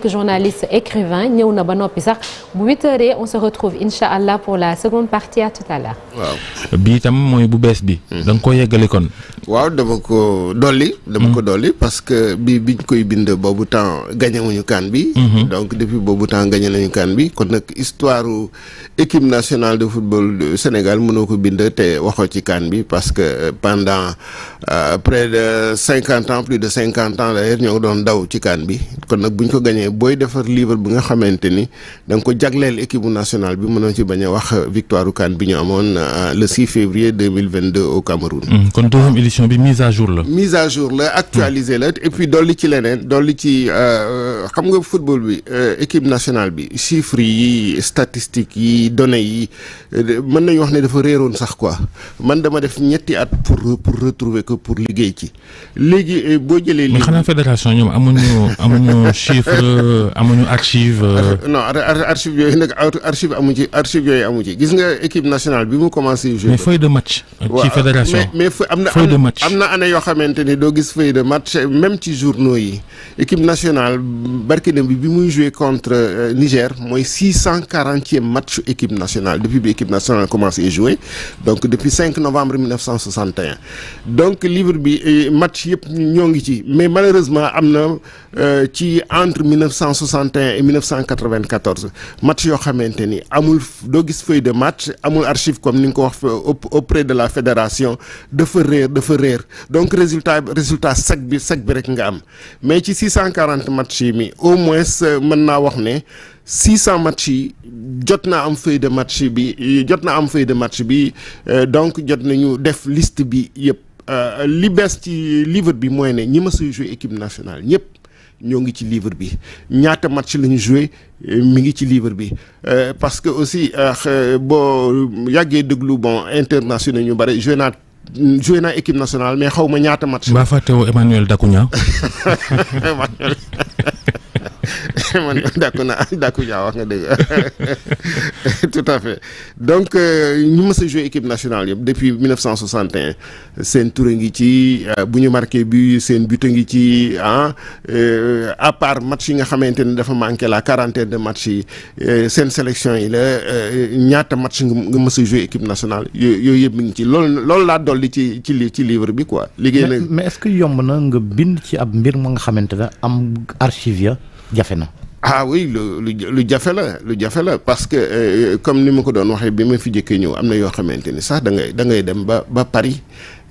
que journaliste écrivain ñëw na ba noppi sax bu huit on se retrouve incha allah pour la seconde partie à tout à l'heure waaw bii tam mooy bu bees bi. Hmm. da nga ko yeggali kon. waaw dama ko dolli. dama ko hmm. dolli parce que bi biñ koy bind boobu temps gagné wuñu kan bi. Hmm. donc depuis boobu temps gagné nañu kan bi kon nag histoire équipe nationale de football du Sénégal mënoo ko bind te waxoo ci kan bi parce que euh, pendant euh, près de cinquante ans plus de cinquante ans d'ailleurs ñoo mais booy defar livre bi nga xamante ni da nga ko jagleel équipe nationale bi mënoo ci bañ a wax victoire u CAN bi ñu amoon euh, le 6 février 2022 au Cameroun. Hmm, kon deuxième édition bi mise à jour la. mise à jour la actualisé la et puis dolli ci leneen dolli ci euh, euh, xam nga football bi équipe nationale bi chiffres yi statistiques yi données yi mën nañu wax ne dafa réeroon sax quoi man dama def ñetti at pour pour retrouver ko pour liggéey ci léegi boo jëlee. li mais xanaa fédération ñoom Euh, amuñu archive. Euh. non archive yooyu nag archive amu ci archive yooyu amu ci gis nga équipe nationale bi mu commencé. joué mais feuille de match. Euh, ci fédération mais am na am na année yoo xamante ni doo gis feuille de match même ci journaux yi équipe nationale barki dem bi bi muy joué contre Niger mooy six cent quarantième match équipe nationale depuis bi équipe nationale commencé joué donc depuis cinq novembre mille neuf cent soixante et un donc livre bi match yëpp ñoo ngi ci mais malheureusement am na ci entre 1961 et 1994 match yoo xamante ni amul doo gis feuille de match amul archive comme ni nga ko wax auprès de la fédération dafa réer dafa réer donc résultat résultat sec bi sag bi rek nga am mais ci 640 match yi mi au moins euh, mën naa wax ne 600 match yi jot na am feuille de match bi jot na am feuille de match bi euh, donc jot nañu def liste bi yëpp euh, li bees ci livre bi mooy ne ñi ma suy jouer équipe nationale ñëpp. ñoo ngi ci livre bi ñaata match la ñu joué euh, mi ngi ci livre bi euh, parce que aussi euh, boo yàggee déglu bon international ñu bare joué naa joué naa équipe nationale mais xaw ma ñaata match. mbaa fàttewoo Emmanuel Dakuña. Emmanuel. man dàkku naa dàkku jaa wax nga dëgg tout à fait donc euh, ñu mës a joué équipe nationale yëpp depuis 1961 seen tur a ngi ci euh, bu ñu marqué bi seen but a ngi ci ah euh, à part match yi nga xamante ni dafa manqué la quarantaine de match yi seen sélection yi la ñaata match nga mës a joué équipe nationale yooyu yëpp mi ngi ci loolu loolu laa dolli ci ci li ci livre bi quoi. liggéey nag mais est yomb na nga bind ci ab mbir ma nga xamante ne am archive ya jafe na. ah oui lu lu jafe la lu jafe la parce que euh, comme ni ma ko doon waxee bi ma fi njëkkee ñëw am na yoo xamante ni sax da ngay da ngay dem ba ba Paris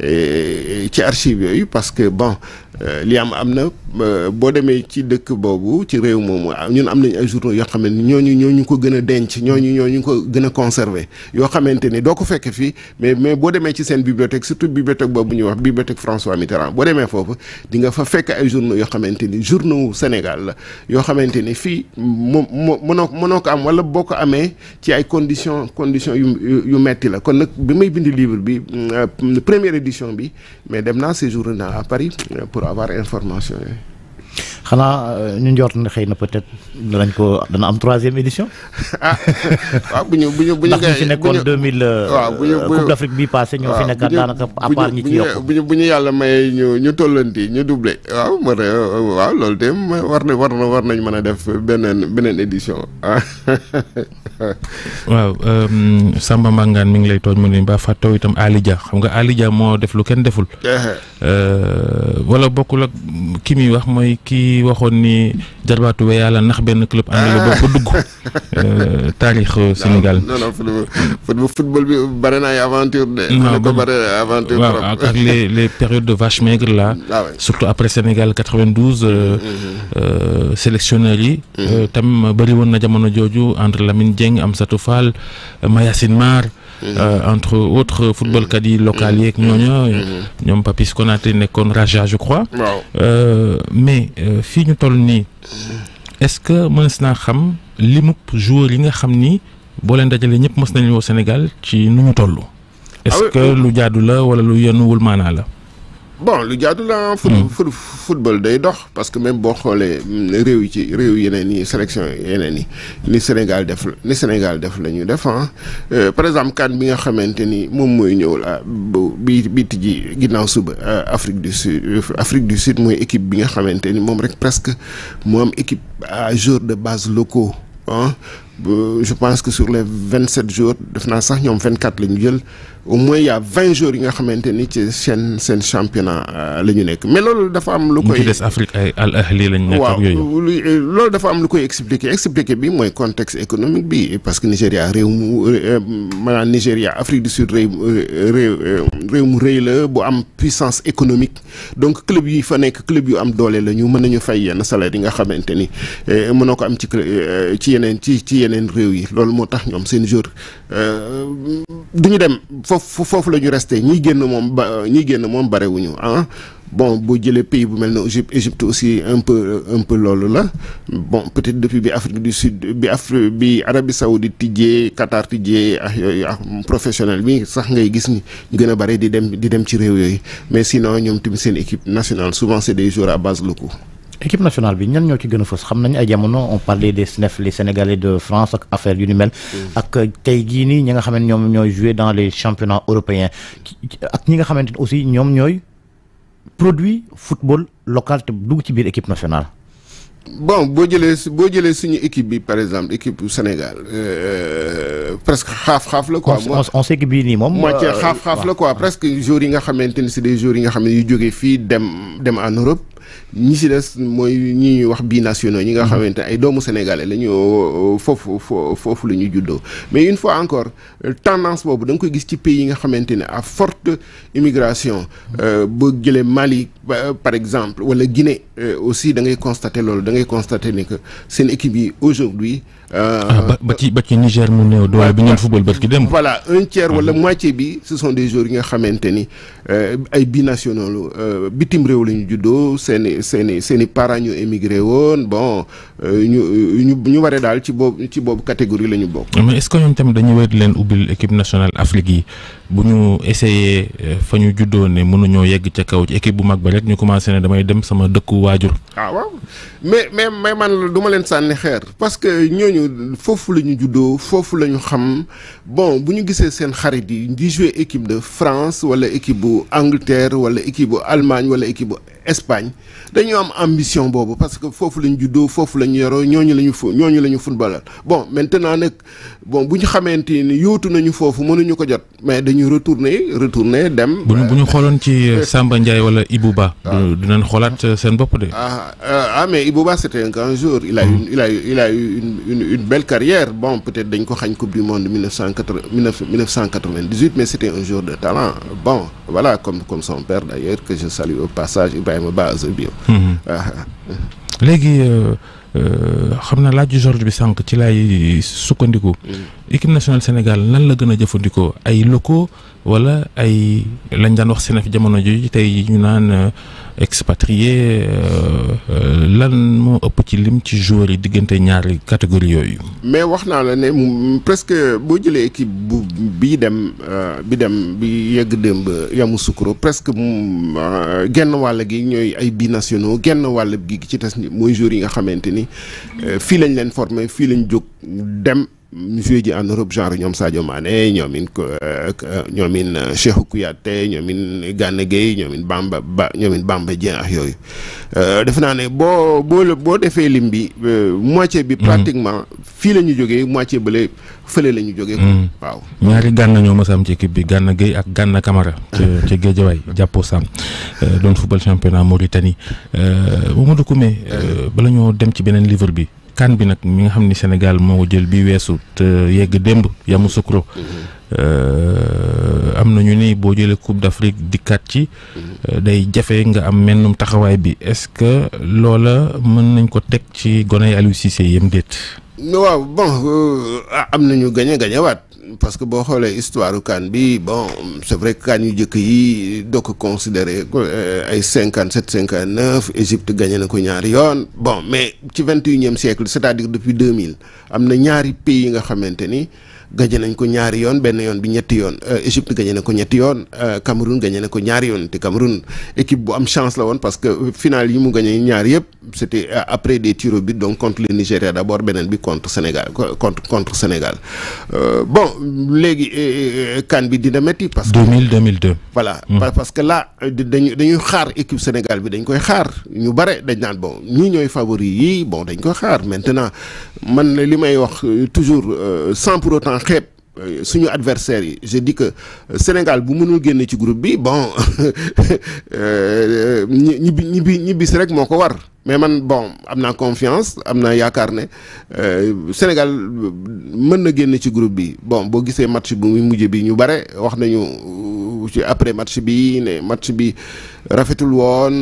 euh, ci archives yooyu parce que bon euh, li am am na. Euh, boo demee ci dëkk boobu ci réew moomu ñun am nañ ay journaux yoo xam ne ñooñu ñooñu ko gën a denc ñooñu ñooñu ko gën a conserver yoo xamante ni doo ko fekk fii mais mais boo demee ci seen bibliothèque surtout bibliothèque boobu ñuy wax bibliothèque François Mitterrand boo demee foofu di nga fa fekk ay journaux yoo xamante ni journaux Sénégal la yoo xamante ni fii moom moo mënoo mënoo ko am wala boo ko amee ci ay conditions conditions yu yu metti la kon nag bi may bind livre bi euh, première édition bi mais dem naa séjourné à Paris pour avoir information yooyu xanaa euh, ñu njort na xëy na peut-être danañ ko dana am troisième édition. ah waaw bu ñu bu ñu bu ñu. ndax fi nekkoon deux mille. Euh, waaw bu ñu bii passé ñoo fi nekk daanaka à part ñi ci bu ñu bu ñu yàlla mayee ñu ñu tollanti ñu doublé waaw ma loolu de war na war na war nañ mën a def beneen beneen édition ah. waaw euh, Samba Mangane mi ngi lay tooñ mu ne ba fàttewu itam Ali Dia xam nga Ali moo def lu kenn deful. Eh. wala bokkul ak ki muy wax mooy kii. ki waxoon ni jarbaatu ba yàlla ndax benn club anglais ba ba dugg euh, taarix euh, Sénégal. non bare na ay aventure de. ak les les de vache maigre là. Ah surtout après Sénégal 92. Euh, mm-hmm. sélectionneurs yi. Mm-hmm. tam bëri woon na jamono jooju entre Lamine Dieng Amsatou Fall Mayacine Mar. Euh, mhm. entre autres footballkat yi mhm. local yeeg mhm. ñooña ñoom Papis Konaté nekkoon Raja je crois euh, mais euh, fii ñu toll nii est-ce que mënees naa xam li limub joueur yi nga xam ni boo leen dajalee ñëpp mës nañu woo Sénégal ci nu ñu toll ah est lu jaadu la wala lu yenuwul maanaa la bon lu jaadu la hmm. foot football day dox parce que même boo xoolee hmm, réew yi ci réew yeneen yi sélection yeneen yi ni Sénégal def ni Sénégal def la ñu def euh, par exemple kan bi nga xamante ni moom mooy ñëw la bi bi ji ginnaaw suba euh, Afrique du Sud Afrique du Sud mooy équipe bi nga xamante ni moom rek presque moo am équipe à jour de base locaux ah je pense que sur les vingt sept jours def naa sax ñoom vingt quatre la ñu jël. au moins y' vingt jours yi nga xamante ni ci seen seen championnat euh, la ñu nekk mais loolu dafa am. lu koy ñu des Afrique lañ nekk ak yooyu loolu dafa am lu koy expliquer expliquer bi mooy contexte économique bi parce que Nigéria réew mu euh, maanaam Nigéria Afrique du Sud réew euh, réew réew mu rëy la bu am puissance économique donc club yi fa nekk club yu am doole la ñu mën nañu fay yenn salaire yi nga xamante ni mënoo ko am ci ci yeneen ci ci yeneen réew yi loolu moo tax ñoom seen jour duñu dem. foofu foofu la ñu resté ñiy génn moom ba ñiy génn moom barewuñu ah bon boo jëlee pays bu mel ne Égypte Égypte aussi un peu un peu loolu la bon peut-être depuis bi Afrique du Sud bi Afrique bi Arabie Saoudite tijjee Qatar tijjee ak ah, yooyu ak ah, professionnel bi sax ngay gis ni ñu gën a bare di dem di dem ci réew yooyu mais sinon ñoom tamit seen équipe nationale souvent c'est des jour à base locaux équipe nationale bi ñan ñoo ci gën a fës xam nañ ay jamono on parlait des SNEF les Sénégalais de France ak affaire yu ni mel. Mm. ak euh, tey jii nii ñi nga xam ne ñoom ñooy jouer dans les championnats européens ak ñi nga xamante ne aussi ñoom ñooy produit football local te dugg ci biir équipe nationale. bon boo jëlee boo jëlee suñu équipe bi par exemple équipe Sénégal euh, euh, presque xaaf-xaaf la ko on on sait que bii nii moom. moitié xaaf-xaaf la quoi presque joueurs yi nga xamante ni c'est des joueurs yi nga xam ne yu jógee fii dem dem en Europe. ñi si des mooy ñuy wax binationaux ñi nga mhm. xamante ay doomu sénégalais la ñu foofu foofu la ñu juddoo mais une fois encore tendance boobu da nga koy gis ci pays yi nga xamante ne à forte immigration mhm. euh, boo jëlee Mali par exemple wala Guinée euh, aussi da ngay constater loolu da ngay constater ne seen équipe yi aujourd'hui Euh, ah, ba ba ci ba ci Niger mu néew doole bi ngeen football bët ki dem. voilà un tiers wala ah. moitié bi ce sont des joueurs yi nga xamante ni euh, ay binationaux euh, bitim réew la ñu juddoo seen i seen i seen i parents ñu émigré woon bon ñu ñu ñu waree daal ci boobu ci boobu catégorie la ñu bokk. Ah, mais est-ce que ñoom tamit dañuy wér leen ubbil équipe nationale Afrique yi bu ñu essayé fa ñu juddoo ne mënuñoo yegg ca kaw ci équipe bu mag ba rek ñu commencé ne damay dem sama dëkku waajur. mais mais mais ñu foofu la ñu juddoo foofu la ñu xam bon bu ñu gisee seen xarit yi di jouer équipe de France wala équipe bu Angleterre wala équipe bu Allemagne wala équipe bu Espagne dañu am ambition boobu parce que foofu lañ juddoo foofu lañ yoroo ñooñu lañu fu ñooñu lañu footballal bon maintenant nag bon bu ñu xamante ni yóotu nañu foofu mënuñu ko jot mais dañu retourner retourner dem. bu ñu bu ñu xooloon ci euh, Samba Ndiaye wala Ibou Ba. waaw ah. dinañ xoolaat euh, seen bopp de. ah euh, ah mais Ibou Ba c'était un grand joueur. il a une il a il a eu une belle carrière bon peut-être dañ ko xañ coupe du monde mille neuf cent un joueur de talent bon. voilà comme comme son père d'ailleurs que je salue au passage Ibrahima Ba mhm. Azobio ah, ah, ah. léegi euh, euh, xam na laaju Georges bi sànq ci lay sukkandiku. Mm. équipe nationale Sénégal nan la gën a jëfandikoo ay locaux wala ay lañ daan wax Sénéf jamono ji tey ñu naan. Euh, expatrié euh, lan moo ëpp ci lim ci jour yi diggante ñaari catégorie yooyu. mais wax naa la ne presque boo jëlee équipe bu bi dem euh, bi dem bi yegg démb Yamoussoukro presque euh, genn wàll gi ñooy ay binationaux genn wàll bi ci des mooy joueurs yi nga xamante ni fii lañ leen formé fii lañ jóg dem. joué ji en Europe genre ñoom Sadio Mané ñoomin ñoomin euh, Cheikhou Kouyaté ñoomin Gana Gueye ñoomin Bamba Ba ñoomin Bamba Dieng ak yooyu euh, defe naa ne boo boo boo defee lim bi euh, moitié bi mm-hmm. pratiquement fii la ñu jógee moitié bële fële la ñu jógee mm-hmm. waaw ñaari Gana ñoo ma sam ci équipe bi Gana Gueye ak Gana Camara ci Guédiawaye jàppo sam doon football championnat Mauritanie Mamadou Koumé bala ñoo dem ci beneen livre bi kan bi nag mi nga xam ni Sénégal moo jël bi weesu te yegg démb Yamoussoukro mm-hmm. euh, am na ñu ni boo jëlee Coupe d'Afrique dikkaat ci mm-hmm. euh, day jafe nga am mennum taxawaay bi est-ce que loola mën nañ ko teg ci gone Aliou Cissé yem déet. waaw bon euh, am na ñu gañe gañewaat parce que boo xoolee histoire kan bi bon c' est vrai que kan yu njëkk yi doo ko considéré euh, ay cinquante sept cinquante neuf Égypte gagné na ko ñaari yoon bon mais ci vingt et unième siècle c' est à dire depuis deux mille am na ñaari pays yi nga xamante ni gagné nañ ko ñaari yoon benn yoon bi ñetti yoon euh, Égypte gagné ne ko ñetti yoon euh, Cameroun gagné na ko ñaari yoon te Cameroun équipe bu am chance la woon parce que final yi mu gagné ñaar yëpp c' était après des tirs au but donc contre le d' bi contre Sénégal contre contre Sénégal léegi kan euh, euh, euh, bi dina métti parce que 2000 2002 voilà mm. parce que là dañu dañuy xaar équipe Sénégal bi dañ koy xaar ñu bare dañ naan bon ñii ñooy favori yi bon dañ koy xaar maintenant man li may wax toujours sans pour autant xeeb suñu adversaire yi je di que Sénégal bu mënul génne ci groupe bi bon ñibbi ñibbi ñibbis rek moo ko war mais man bon am naa confiance am naa yaakaar ne euh, Sénégal euh, mën na génn ci groupe bi bon boo gisee match bu muy mujj bi ñu bare wax nañu euh, ci après match bi ne match bi rafetul woon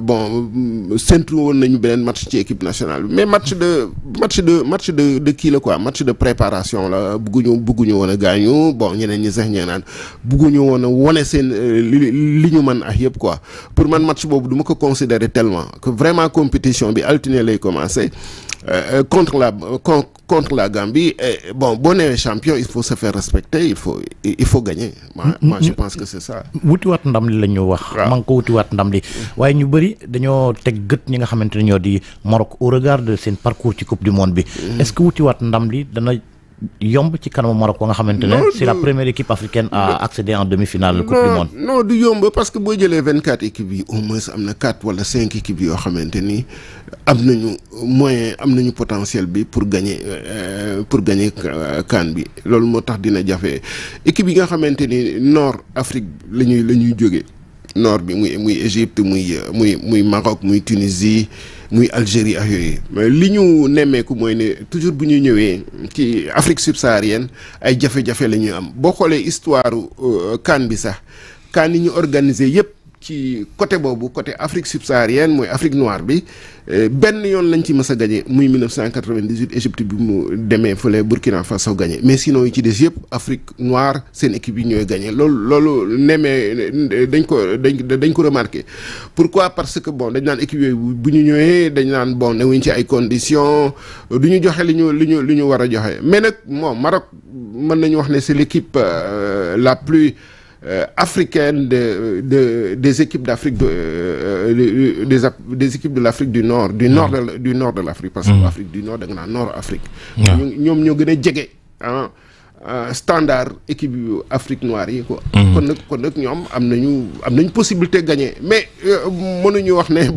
bon séntu woon nañu beneen match ci équipe nationale bi mais match de match de match de de kii la quoi match de préparation la bugguñu bugguñu woon a gaañu bon ñeneen ñi seex ñee naan bugguñu woon a wone seen li li ñu mën ak yëpp quoi pour man match boobu du ma ko considérer tellement que vraiment. compétition bi altine lay commencé euh, euh, contre la contre la Gambie et bon boo newee champion il faut se faire respecter il faut il faut gagner. Mm-hmm. moi je pense que c'est ça. wutiwaat ndam li la ñu wax. waaw ko wutiwaat ndam li mm-hmm. waaye ñu bëri dañoo teg gët ñi nga xamante ne ñoo di Maroc au regard de seen parcours ci coupe du monde bi. Mm-hmm. est-ce que wutiwaat ndam li dana. yomb ci kanamu Maroc ba nga xamante ne c'est la première équipe africaine à accéder en demi-finale coupe du monde non du yomb parce que boo jëlee vingt quatre équipes yi au moins am na quatre wala cinq équipes yoo xamante ni am nañu moyen am nañu potentiel bi pour gagner euh, pour gagner euh, CAN bi loolu moo tax dina jafe équipe yi nga xamante ni nord Afrique la ñuy la ñuy jógee nord bi muy muy Égypte muy muy muy Maroc muy Tunisie muy Algérie ak yooyu mais li ñu nemmeeku mooy ne toujours bu ñu ñëwee ci Afrique subsaharienne ay jafe-jafe la ñuy am boo xoolee histoire CAN euh, bi sax CAN yi ñu organisé yëpp. ci côté boobu côté Afrique subsaharienne mooy Afrique noire bi eh, benn yoon lañ ci mës a gagné muy 1998 Égypte bi mu demee fële Burkina Faso gagné mais sinon yi ci des yëpp Afrique noire seen équipe yi ñooy gagné loolu loolu nemee dañ ko dañ dañ ko remarqué. pourquoi parce que bon dañ naan équipe yooyu bu ñu ñëwee dañ naan bon newuñ ci ay condition du ñu joxe li ñu li ñu li ñu war a joxe mais nag moom Maroc mën nañu wax ne c'est l'équipe euh, la plus. Euh, africaine de de des équipes d'Afrique de euh, euh, des des équipes de l'Afrique du Nord. du nord de du nord de l'Afrique. parce que mm. Afrique du Nord da nga naan Nord Afrique. ñoom ñoo gën a jege ah. standard équipe yu Afrique noir yi quoi. Mm. kon nag kon nag ñoom am nañu am nañu possibilité gagner mais mënuñu wax ne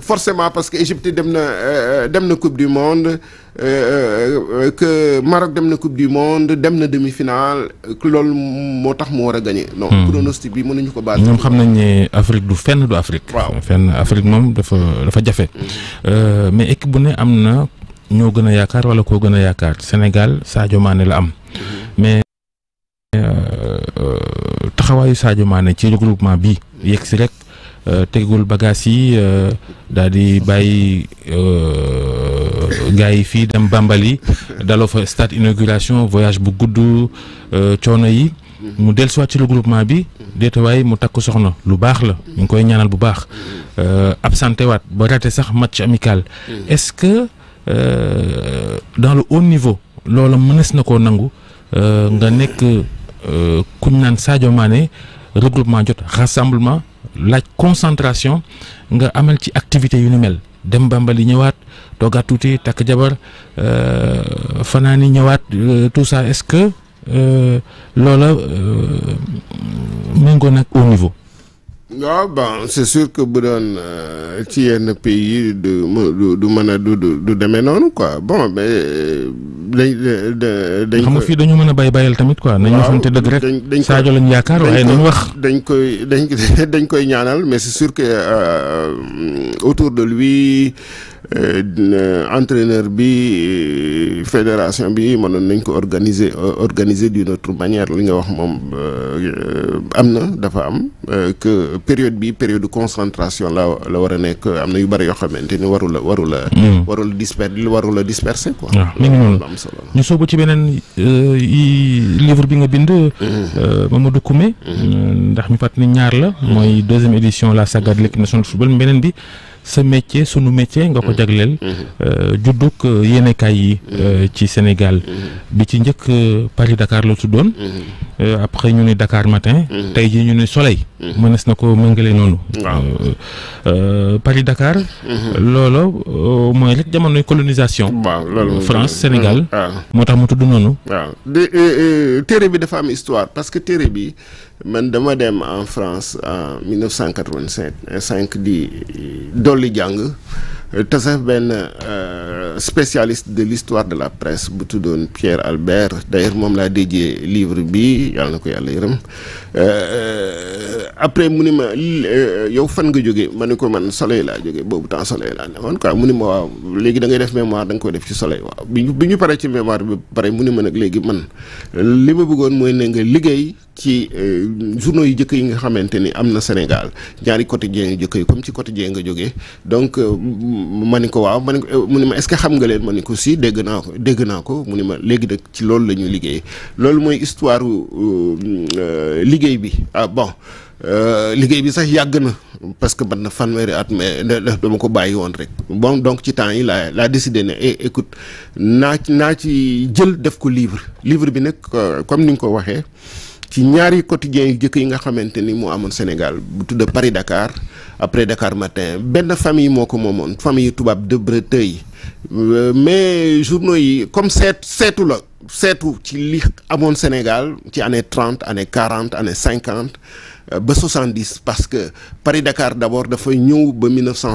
forcément parce que Égypte dem na euh, dem na coupe du monde euh, euh, que Maroc dem na coupe du monde dem na demi-finale lool moo tax mu war a gagné. non hmm. pronostic bi mënuñu ko baal. ñoom xam nañ ne Afrique du fenn du Afrique. waaw fenn Afrique moom dafa dafa jafe. Hmm. mais équipe bu ne am na ñoo gën a yaakaar wala koo gën a yaakaar Sénégal Sadio Mané la am. Hmm. mais taxawaayu Sadio maane ci regroupement bi yegg si rek. Euh, tegul bagage yi euh, daal di bàyyi euh, gars yi fii dem Bambali daloo fa stade inauguration voyage bu gudd coono yi mu dellusiwaat ci le groupement bi waaye mu takk soxna lu baax la ñu ngi koy ñaanal bu baax absenté waat ba raté sax match amical est-ce que dans le haut niveau loola mënees na koo nangu nga nekk kuñ naan Sadio Mané regroupement jot rassemblement laaj concentration nga amal ci activité yu ni mel dem mbambali ñëwaat toogaat tuuti takk jabar euh, fanaani ñëwaat euh, tout ça est-ce que euh, loola méngoo nag au niveau. waaw bon c'est sûr que bu doon euh, ci yenn pays yi du du mën a du du demee noonu quoi bon mais euh, dañ euh, dañ. xam nga fii dañu mën a bay bayal tamit quoi. nañu waxante dëgg rek dañ Sadio lañ yaakaar waaye nañu wax. dañ koy dañ dañ koy ñaanal mais c'est sûr que autour de lui. Euh, entraîneur bi euh, fédération bi mënoon nañ ko organiser euh, organiser d'une autre manière li nga wax moom am na dafa am que période bi période de concentration la la war a nekk am na yu bari yoo xamante ni warul a warul a. Hmm. warul a disper warul a disperser quoi. waaw ah, am solo ñu soobu ci beneen livre bi nga bind. Hmm. Mamadou Koumé. Hmm. ndax mi ni ñaar la. mooy deuxième édition la saga de l'équipe nationale de football beneen bi. sa métier sunu métier nga ko mm-hmm. jagleel mm-hmm. Euh, juddug euh, yéenekaay yi mm-hmm. euh, ci Sénégal bi ci njëkk Paris Dakar la tuddoon après ñu ne Dakar matin tey ji ñu ne Soleil mënees na ko mëngale noonu Paris Dakar loolo mooy rek jamonoy colonisation France Sénégal ah. moo tax mu tudd noonu téere bi dafa am histoire parce que téere bi man dama dem en France en 1985 cinq di eh, dolli jàng tasaf benn euh, spécialiste de l'histoire de la presse bu tuddoon Pierre Albert d'ailleurs moom laa déjee livre bi yàlla na ko yàlla yërëm euh, après mu ni ma euh, yow fan nga jóge ma ne ko man soleil laa jóge boobu temps soleil laa ne man quoi mu ni ma waaw léegi da ngay def mémoire da nga koy def ci soleil waaw bi ñu paree ci mémoire bi pare mu ni ma nag léegi man li ma bëggoon mooy ne nga liggéey ci journaux yi jëkk yi nga xamante ni am na Sénégal ñaari quotidien yu jëkk yi comme ci quotidien nga jógee ma ni ko waaw ma ni ko eh, mu ni ma est-ce que xam nga leen ma ni ko si dégg naa ko dégg naa ko mu ni ma léegi nag ci loolu la ñuy liggéey loolu mooy histoire euh, liggéey bi ah bon euh, liggéey bi sax yàgg na parce que man na fanweeri at mais dama ko bàyyi woon rek bon donc ci temps yi laa laa décidé ne eh, écoute naa ci naa ci jël def ko livre livre bi nag euh, comme ni nga ko waxee ci ñaari quotidiens yu jëkk yi nga xamante ni moo amoon Sénégal bu tudd Paris Dakar après Dakar matin benn famille moo ko moomoon famille tubaab de Breteuil euh, mais journaux yi comme seet seetu la seetu ci li amoon Sénégal ci année trente année quarante année cinquante euh, ba soixante dix parce que Paris Dakar d' abord dafa ñëw ba mille neuf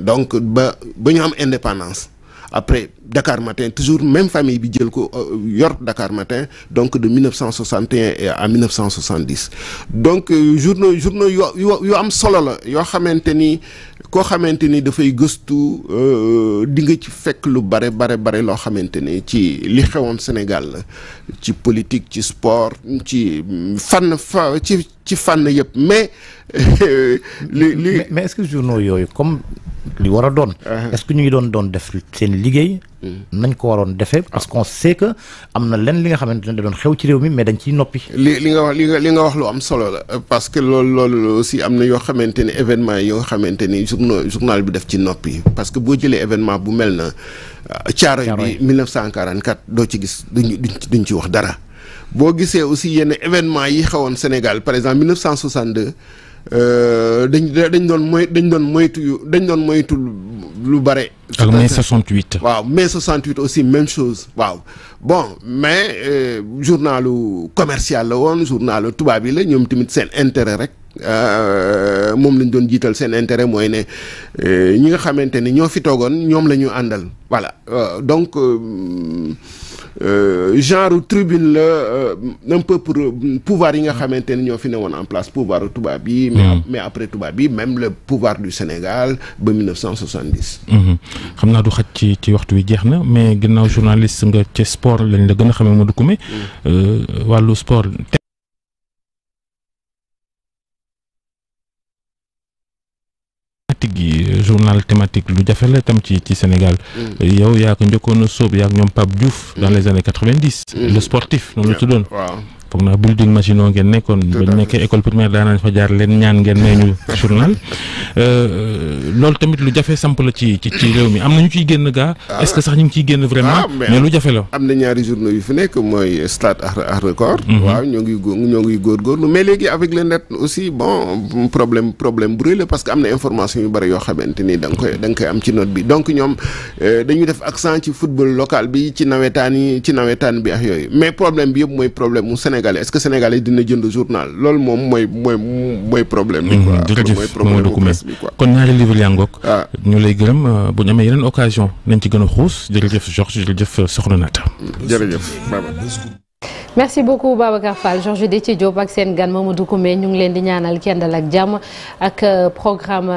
donc ba ba ñu am indépendance. après Dakar Matin toujours même famille bi jël ko euh, yor Dakar Matin donc de 1961 à 1970 donc euh, journaux journaux yoo yu am solo la yoo xamante ni koo xamante ni dafay gëstu euh, di nga ci fekk lu bare bare bare loo xamante ni ci li xewoon Sénégal la ci politique ci sport ci fànn fa ci ci fànn yëpp mais. li li mais est journaux yooyu comme. li war a doon. Uh-huh. est-ce que ñu ngi doon doon def seen liggéey. Mm. nañ ko waroon defee parce qu'on sait que am na lenn li nga xamante ne da doon xew ci réew mi mais dañ ciy noppi. li li nga wax li li nga wax lu am solo la parce que loolu loolu aussi am na yoo xamante ne événement yoo xamante ni journal journal bi def ci noppi parce que boo jëlee événement bu mel na. Caaroy ah, bi 1944 doo ci gis duñ duñ ci wax dara. boo gisee aussi yenn événement yi xewoon Sénégal par exemple 1962. Euh, dañ dañ doon moy dañ doon moytu dañ doon moytu lu bare ak mai 68. waaw mai 68 aussi même chose waaw bon mais euh, journalu commercial la woon journalu tubaab yi la ñoom tamit seen intérêt rek euh, moom lañ doon jiital seen intérêt mooy ne euh, ñi nga xamante ni ñoo fi toogoon ñoom la ñu àndal voilà euh, donc. Euh, genre tribune la euh, un peu pour pouvoir yi nga xamante ni ñoo fi ne woon en place pouvoir tubaab yi. Mm-hmm. mais après tubaab yi même le pouvoir du Sénégal ba 1970. Mmh. xam naa du xaj ci ci waxtu wi jeex na mais ginnaaw journaliste nga ci sport lañ la gën a xamee Modou Koumé mm. euh, wàllu sport thématique yi euh, journal thématique lu jafe la tam ci ci Sénégal mm. yow yaa ko njëkkoon a soob yaa ak ñoom Pape juuf dans mm. les années quatre-vingt-dix le sportif noonu la tuddoon foog naa machine oo ngeen nekkoon. bañ nekkee école primaire daanañ fa jaar leen ñaan ngeen may journal euh, euh, loolu tamit lu jafe samp la ci ci ci réew mi am na ñu ciy génn gaa. Ah. est sax ñu ngi ciy génn vraiment. Ah, mais lu jafe la. am na ñaari journaux yu fi nekk mooy stade ak record. Mhm. waaw ñoo ngi góor ñoo ngi mais léegi avec le net aussi bon problème problème brûlé parce que am na information yu bari yoo xamante ni da nga koy da koy am ci note bi donc ñoom euh, dañuy def bi ci nawetaan yi ci bi ak yooyu mais problème sénégalais est-ce que sénégalais dina jënd journal loolu moom mooy mooy mooy problème bi quoi jërëjëf Mamadou Coumé kon ñaari livre yaa ngoog ah. ñu lay gërëm euh, bu ñu amee yeneen occasion nañ ci gën a xuus jërëjëf Georges jërëjëf euh, Soxna Naata jërëjëf Baba merci beaucoup Babacar Fall Georges Déthié ak seen gan Mamadou Coumé ñu ngi leen di ñaanal kendal ak jàmm ak euh, programme